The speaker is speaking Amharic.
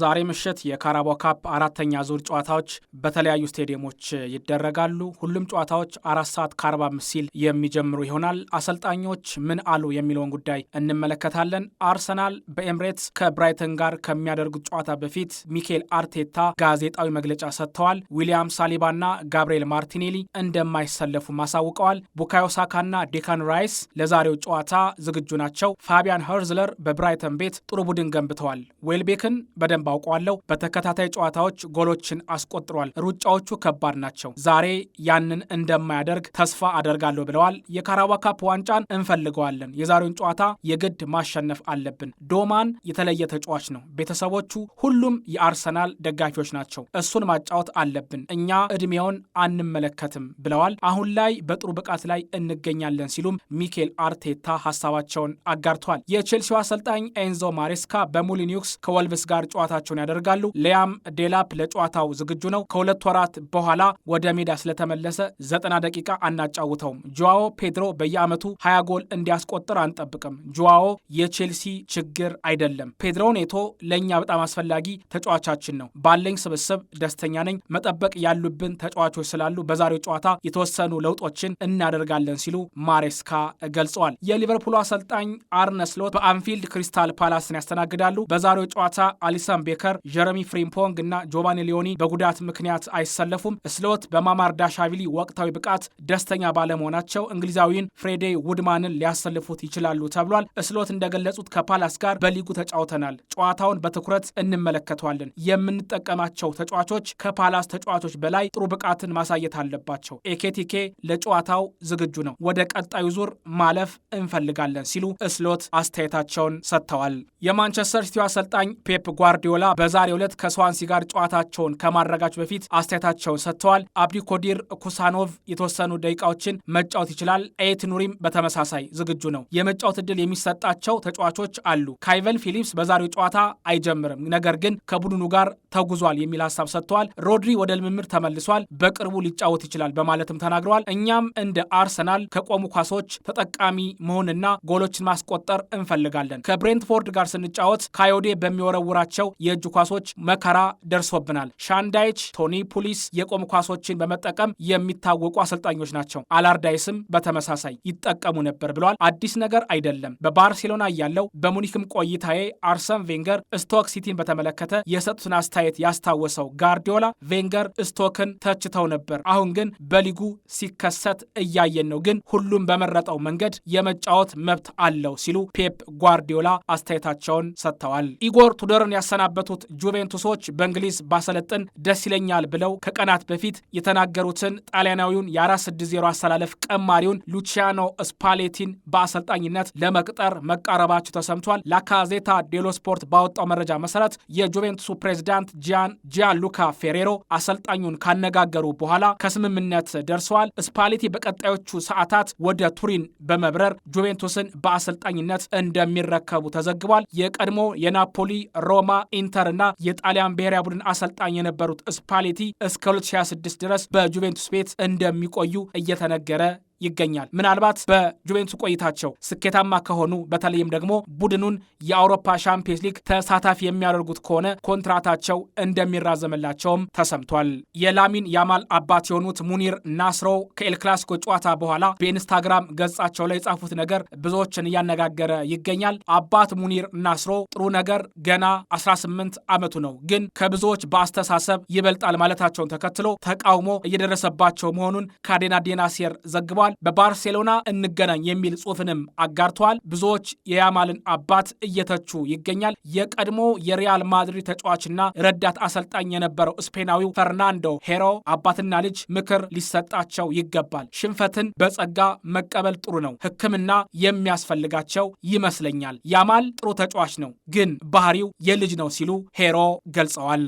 ዛሬ ምሽት የካራባ ካፕ አራተኛ ዙር ጨዋታዎች በተለያዩ ስቴዲየሞች ይደረጋሉ። ሁሉም ጨዋታዎች አራት ሰዓት ከአርባ አምስት ሲል የሚጀምሩ ይሆናል። አሰልጣኞች ምን አሉ የሚለውን ጉዳይ እንመለከታለን። አርሰናል በኤምሬትስ ከብራይተን ጋር ከሚያደርጉት ጨዋታ በፊት ሚኬል አርቴታ ጋዜጣዊ መግለጫ ሰጥተዋል። ዊሊያም ሳሊባና ጋብርኤል ማርቲኔሊ እንደማይሰለፉ ማሳውቀዋል። ቡካዮ ሳካና ዴካን ራይስ ለዛሬው ጨዋታ ዝግጁ ናቸው። ፋቢያን ኸርዝለር በብራይተን ቤት ጥሩ ቡድን ገንብተዋል። ዌልቤክን በደ በደንብ አውቀዋለሁ። በተከታታይ ጨዋታዎች ጎሎችን አስቆጥሯል። ሩጫዎቹ ከባድ ናቸው። ዛሬ ያንን እንደማያደርግ ተስፋ አደርጋለሁ ብለዋል። የካራባ ካፕ ዋንጫን እንፈልገዋለን። የዛሬውን ጨዋታ የግድ ማሸነፍ አለብን። ዶማን የተለየ ተጫዋች ነው። ቤተሰቦቹ ሁሉም የአርሰናል ደጋፊዎች ናቸው። እሱን ማጫወት አለብን። እኛ እድሜውን አንመለከትም ብለዋል። አሁን ላይ በጥሩ ብቃት ላይ እንገኛለን ሲሉም ሚኬል አርቴታ ሀሳባቸውን አጋርተዋል። የቼልሲው አሰልጣኝ ኤንዞ ማሬስካ በሙሊኒውክስ ከወልቭስ ጋር ጨዋ ጨዋታቸውን ያደርጋሉ። ሊያም ዴላፕ ለጨዋታው ዝግጁ ነው። ከሁለት ወራት በኋላ ወደ ሜዳ ስለተመለሰ ዘጠና ደቂቃ አናጫውተውም። ጆዋዎ ፔድሮ በየዓመቱ ሀያ ጎል እንዲያስቆጥር አንጠብቅም። ጆዋዎ የቼልሲ ችግር አይደለም። ፔድሮ ኔቶ ለእኛ በጣም አስፈላጊ ተጫዋቻችን ነው። ባለኝ ስብስብ ደስተኛ ነኝ። መጠበቅ ያሉብን ተጫዋቾች ስላሉ በዛሬው ጨዋታ የተወሰኑ ለውጦችን እናደርጋለን ሲሉ ማሬስካ ገልጸዋል። የሊቨርፑሉ አሰልጣኝ አርነ ስሎት በአንፊልድ ክሪስታል ፓላስን ያስተናግዳሉ። በዛሬው ጨዋታ አሊሰ ጄሰን ቤከር፣ ጀረሚ ፍሪምፖንግ እና ጆቫኒ ሊዮኒ በጉዳት ምክንያት አይሰለፉም። ስሎት በማማር ዳሻቪሊ ወቅታዊ ብቃት ደስተኛ ባለመሆናቸው እንግሊዛዊን ፍሬዴ ውድማንን ሊያሰልፉት ይችላሉ ተብሏል። ስሎት እንደገለጹት ከፓላስ ጋር በሊጉ ተጫውተናል። ጨዋታውን በትኩረት እንመለከተዋለን። የምንጠቀማቸው ተጫዋቾች ከፓላስ ተጫዋቾች በላይ ጥሩ ብቃትን ማሳየት አለባቸው። ኤኬቲኬ ለጨዋታው ዝግጁ ነው። ወደ ቀጣዩ ዙር ማለፍ እንፈልጋለን ሲሉ ስሎት አስተያየታቸውን ሰጥተዋል። የማንቸስተር ሲቲ አሰልጣኝ ፔፕ ጓርድ ጓርዲዮላ በዛሬው ዕለት ከስዋንሲ ጋር ጨዋታቸውን ከማድረጋቸው በፊት አስተያየታቸውን ሰጥተዋል። አብዲ ኮዲር ኩሳኖቭ የተወሰኑ ደቂቃዎችን መጫወት ይችላል። ኤት ኑሪም በተመሳሳይ ዝግጁ ነው። የመጫወት እድል የሚሰጣቸው ተጫዋቾች አሉ። ካይቨን ፊሊፕስ በዛሬው ጨዋታ አይጀምርም፣ ነገር ግን ከቡድኑ ጋር ተጉዟል የሚል ሀሳብ ሰጥተዋል። ሮድሪ ወደ ልምምድ ተመልሷል፣ በቅርቡ ሊጫወት ይችላል በማለትም ተናግረዋል። እኛም እንደ አርሰናል ከቆሙ ኳሶች ተጠቃሚ መሆንና ጎሎችን ማስቆጠር እንፈልጋለን። ከብሬንትፎርድ ጋር ስንጫወት ካዮዴ በሚወረውራቸው የእጅ ኳሶች መከራ ደርሶብናል። ሻንዳይች፣ ቶኒ ፑሊስ የቆም ኳሶችን በመጠቀም የሚታወቁ አሰልጣኞች ናቸው። አላርዳይስም በተመሳሳይ ይጠቀሙ ነበር ብሏል። አዲስ ነገር አይደለም። በባርሴሎና እያለው በሙኒክም ቆይታዬ አርሰን ቬንገር ስቶክ ሲቲን በተመለከተ የሰጡትን አስተያየት ያስታወሰው ጋርዲዮላ ቬንገር ስቶክን ተችተው ነበር። አሁን ግን በሊጉ ሲከሰት እያየን ነው፣ ግን ሁሉም በመረጠው መንገድ የመጫወት መብት አለው ሲሉ ፔፕ ጓርዲዮላ አስተያየታቸውን ሰጥተዋል። ኢጎር ቱዶርን ያሰና የተሰናበቱት ጁቬንቱሶች በእንግሊዝ ባሰለጥን ደስ ይለኛል ብለው ከቀናት በፊት የተናገሩትን ጣሊያናዊውን የ460 አሰላለፍ ቀማሪውን ሉቺያኖ ስፓሌቲን በአሰልጣኝነት ለመቅጠር መቃረባቸው ተሰምቷል። ላካዜታ ዴሎ ስፖርት ባወጣው መረጃ መሰረት የጁቬንቱሱ ፕሬዚዳንት ጂያን ሉካ ፌሬሮ አሰልጣኙን ካነጋገሩ በኋላ ከስምምነት ደርሰዋል። ስፓሌቲ በቀጣዮቹ ሰዓታት ወደ ቱሪን በመብረር ጁቬንቱስን በአሰልጣኝነት እንደሚረከቡ ተዘግቧል። የቀድሞ የናፖሊ ሮማ ኢንተር እና የጣሊያን ብሔራዊ ቡድን አሰልጣኝ የነበሩት ስፓሌቲ እስከ 2026 ድረስ በጁቬንቱስ ቤት እንደሚቆዩ እየተነገረ ይገኛል። ምናልባት በጁቬንቱስ ቆይታቸው ስኬታማ ከሆኑ በተለይም ደግሞ ቡድኑን የአውሮፓ ሻምፒየንስ ሊግ ተሳታፊ የሚያደርጉት ከሆነ ኮንትራታቸው እንደሚራዘምላቸውም ተሰምቷል። የላሚን ያማል አባት የሆኑት ሙኒር ናስሮ ከኤልክላሲኮ ጨዋታ በኋላ በኢንስታግራም ገጻቸው ላይ የጻፉት ነገር ብዙዎችን እያነጋገረ ይገኛል። አባት ሙኒር ናስሮ ጥሩ ነገር ገና 18 ዓመቱ ነው፣ ግን ከብዙዎች በአስተሳሰብ ይበልጣል ማለታቸውን ተከትሎ ተቃውሞ እየደረሰባቸው መሆኑን ካዴና ዴናሴር ሴር ዘግቧል። በባርሴሎና እንገናኝ የሚል ጽሑፍንም አጋርተዋል። ብዙዎች የያማልን አባት እየተቹ ይገኛል። የቀድሞ የሪያል ማድሪድ ተጫዋችና ረዳት አሰልጣኝ የነበረው ስፔናዊው ፈርናንዶ ሄሮ አባትና ልጅ ምክር ሊሰጣቸው ይገባል። ሽንፈትን በጸጋ መቀበል ጥሩ ነው። ሕክምና የሚያስፈልጋቸው ይመስለኛል። ያማል ጥሩ ተጫዋች ነው፣ ግን ባህሪው የልጅ ነው ሲሉ ሄሮ ገልጸዋል።